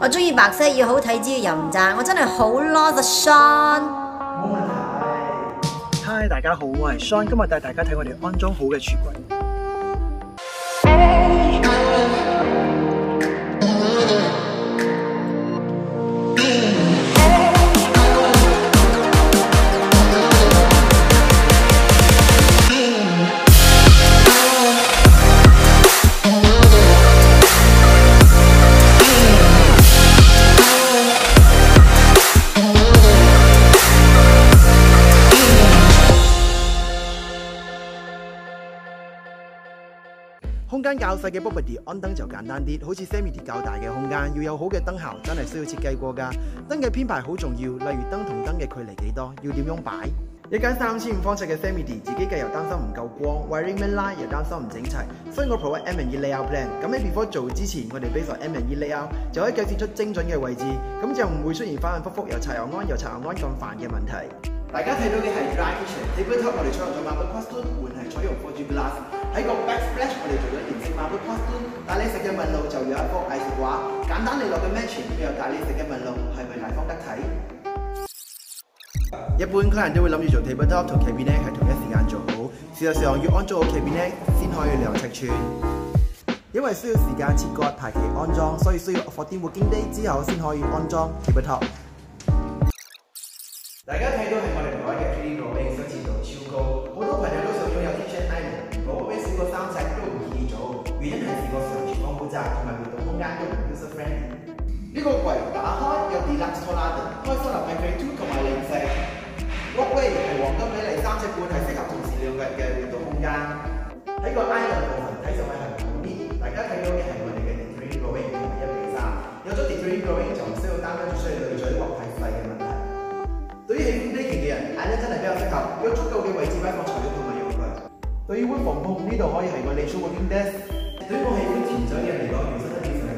我鍾意白色，要好睇啲又唔賺，我真係好 love the Sean。Hi，大家好，我係 Sean，今日帶大家睇我哋安裝好嘅櫥櫃。空間較細嘅 body 安燈就簡單啲，好似 Semi-D 較大嘅空間要有好嘅燈效，真係需要設計過㗎。燈嘅編排好重要，例如燈同燈嘅距離幾多，要點樣擺。一間三千五方尺嘅 Semi-D，自己計又擔心唔夠光，wiring line 又擔心唔整齊。所以我 provide 嘅 M&E layout plan，咁喺 before 做之前，我哋 based on M&E layout 就可以計算出精準嘅位置，咁就唔會出現反反覆覆又拆又安又拆又安咁煩嘅問題。大家睇到嘅係 dry kitchen，天花板我哋採用咗馬桶 quartz stone，門係採用 4g glass。喺個 back splash 我哋做咗顏色嘛，不關心。但你食嘅紋路就有一幅藝術畫，簡單嚟落嘅 match，佢有大理石嘅紋路，係咪大方得體？一般客人都會諗住做 table top 同 kabinette 係同一時間做好，事實上要安裝好 kabinette 先可以量尺寸，因為需要時間切割排期安裝，所以需要放啲木堅啲之後先可以安裝 table top。呢個櫃打開有獨立拖欄，開收納係鉅多同埋靈性。Walkway 係黃金比例三尺半，係適合同時兩個人嘅活動空間。喺個矮凳部分，睇上去係唔滿意。大家睇到嘅係我哋嘅內置 walkway，係一米三。有咗內置 walkway 就唔需要擔心需要另取滑梯費嘅問題。對於喜歡飛行嘅人，矮凳真係比較適合，有足夠嘅位置擺放材料同埋用具。對於溫防控呢度可以係我哋超級 King Desk。對於喜歡潛水嘅人嚟講。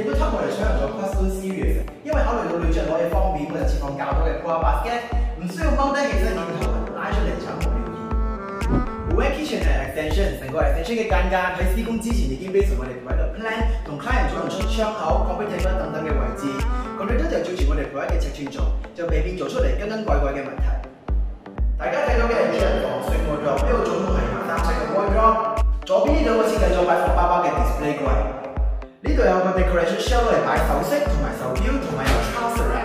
亦都扱我嚟採用咗 custom series，因為考慮到女將攞嘢方便，或者存放較多嘅挎包嘅，唔需要放低，其實一件拖拉出嚟就冇秒意。provide kitchen extension，成個 extension 嘅間隔喺施工之前已經俾我哋規劃咗 plan，同 client 做唔出窗口、coffee table 等等嘅位置，咁你都就照住我哋規劃嘅尺寸做，就未變做出嚟斤斤怪怪嘅問題。大家睇到嘅係廚房、玄關，呢度做嘅係埋單式嘅裝。左邊呢兩個設計咗擺放包包嘅 display 櫃。呢度有個 decoration shelf 嚟，擺首飾同埋手表同埋有茶色嘅。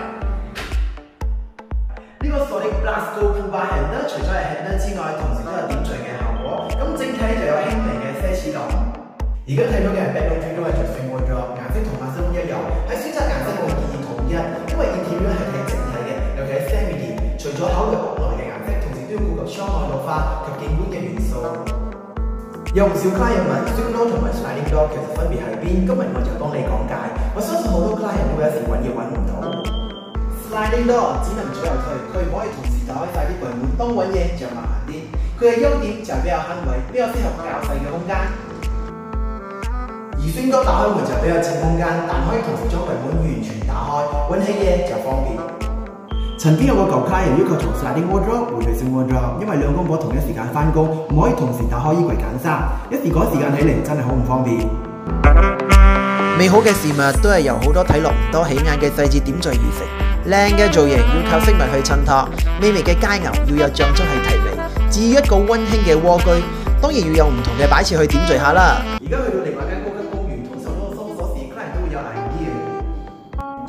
呢、這個 Solid Brass gold bar handle 除咗係 handle 之外，同時都有點綴嘅效果。咁整體就有輕微嘅奢侈感。而家睇到嘅 bedroom 都係全換咗顏色，色同埋深一啲，喺選擇顏色我建議統一，因為你點樣係睇整體嘅，尤其係 semi-D。除咗考慮屋內嘅顏色，同時都要顧及窗外嘅綠化及建築嘅元素。有唔少 client 問，swing door 同埋 sliding door，其實分別係邊？今日我就幫你講解。我相信好多 client 都會有時揾嘢揾唔到。sliding door 只能左右推，佢唔可以同時打開大啲櫃門，當揾嘢就慢啲。佢嘅優點就係比較慳位，比較適合較細嘅空間。而 swing door 打開門就比較佔空間，但可以同時將櫃門完全打開，揾起嘢就方便。曾經有個舊客人要求從那啲衣櫃裡整換咗，因為兩公婆同一時間翻工，唔可以同時打開衣櫃揀衫，一時趕時間起嚟真係好唔方便。美好嘅事物都係由好多睇落唔多起眼嘅細節點綴而成，靚嘅造型要靠飾物去襯托，美味嘅佳餚要有醬汁去提味，至於一個温馨嘅窩居，當然要有唔同嘅擺設去點綴下啦。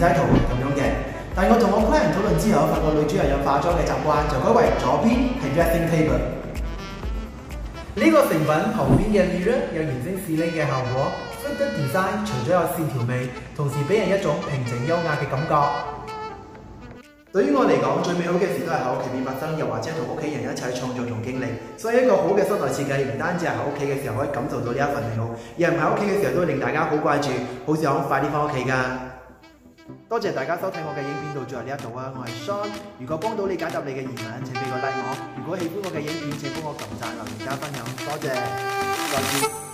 設樣的但我同我 plan 人討論之後，發覺女主又有化妝嘅習慣，就改為左邊係 d r i s i n g table。呢、這個成品旁邊嘅 m i r 有延伸視呢嘅效果。m 得 d e s i g n 除咗有線條味，同時俾人一種平靜優雅嘅感覺。對於我嚟講，最美好嘅事都是喺屋企面發生，又或者同屋企人一起創造同經歷。所以一個好嘅室內設計，唔單止係喺屋企嘅時候可以感受到呢一份美好，而唔喺屋企嘅時候都令大家好掛住，好想快啲翻屋企噶。多謝大家收睇我嘅影片到最後呢一度啊，我係 Sean。如果幫到你解答你嘅疑問，請俾個 like 我；如果喜歡我嘅影片，請幫我撳讚、留言、加分享，多謝，再見。